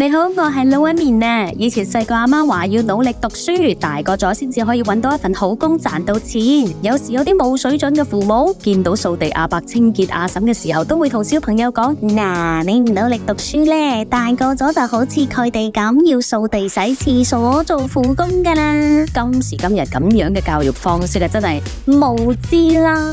你好，我係老一面呢。以前細個阿媽話要努力讀書，大個咗先至可以揾到一份好工賺到錢。有時有啲冇水準嘅父母見到掃地阿伯、清潔阿嬸嘅時候，都會同小朋友講：嗱，你唔努力讀書咧，大個咗就好似佢哋咁要掃地、洗廁所、做苦工噶啦。今時今日咁樣嘅教育方式啊，真係無知啦！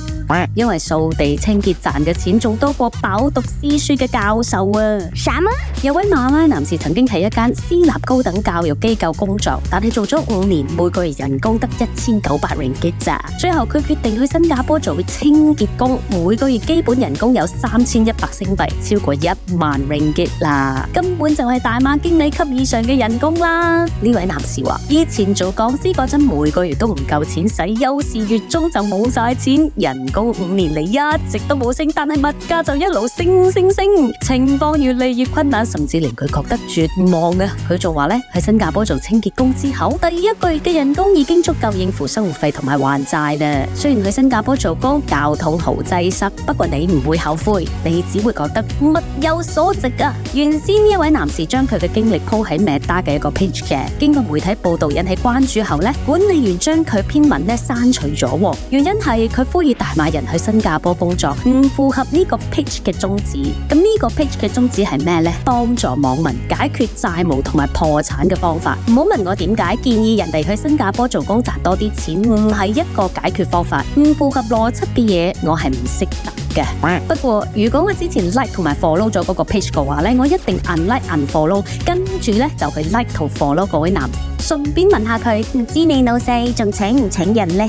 因為掃地清潔賺嘅錢仲多過飽讀詩書嘅教授啊！什麼？有位馬來男士。曾經喺一間私立高等教育機構工作，但係做咗五年，每個月人工得一千九百令吉咋。最後佢決定去新加坡做清潔工，每個月基本人工有三千一百星幣，超過一萬令吉啦，根本就係大馬經理級以上嘅人工啦。呢位男士話：以前做講師嗰陣，每個月都唔夠錢使，有時月中就冇晒錢，人工五年嚟一直都冇升，但係物價就一路升升升，情況越嚟越困難，甚至令佢覺得。絕望啊！佢仲話呢，喺新加坡做清潔工之後，第一個月嘅人工已經足夠應付生活費同埋還債喇。雖然在新加坡做工交通好擠塞，不過你唔會後悔，你只會覺得物有所值啊！原先呢位男士將佢嘅經歷鋪喺 Meta 嘅一個 page 嘅，經過媒體報道引起關注後咧，管理員將佢篇文呢刪除咗。原因係佢呼籲大馬人去新加坡工作唔符合呢個 page 嘅宗旨。咁呢個 page 嘅宗旨係咩呢？幫助網民。解決債務同埋破產嘅方法，唔好問我點解建議人哋去新加坡做工賺多啲錢，唔係一個解決方法。唔符合邏輯嘅嘢，我係唔識答嘅。不過如果我之前 like 同埋 follow 咗嗰個 page 嘅話呢，我一定 unlike unfollow，跟住呢就去 like 同 follow 各位男，順便問下佢，唔知你老細仲請唔請人呢？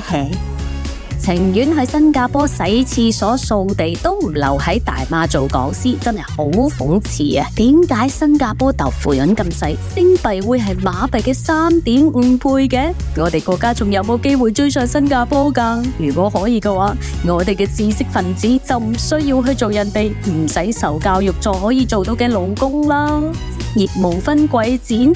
情願喺新加坡洗廁所掃地，都唔留喺大馬做講師，真係好諷刺啊！點解新加坡豆腐潤咁細？星幣會係馬幣嘅三點五倍嘅？我哋國家仲有冇機會追上新加坡㗎？如果可以嘅話，我哋嘅知識分子就唔需要去做人哋唔使受教育就可以做到嘅勞工啦，亦無分貴賤。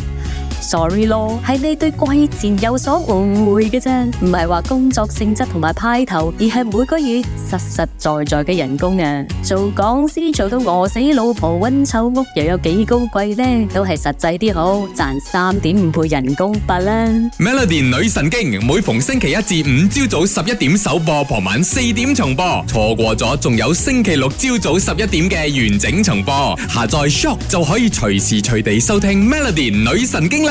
sorry 咯，係你對貴賤有所誤會嘅啫，唔係話工作性質同埋派頭，而係每個月實實在在嘅人工啊！做講師做到餓死老婆温丑屋，又有幾高貴呢？都係實際啲好，賺三點五倍人工吧啦！Melody 女神經每逢星期一至五朝早十一點首播，傍晚四點重播，錯過咗仲有星期六朝早十一點嘅完整重播，下載 Shock 就可以隨時隨地收聽 Melody 女神經啦！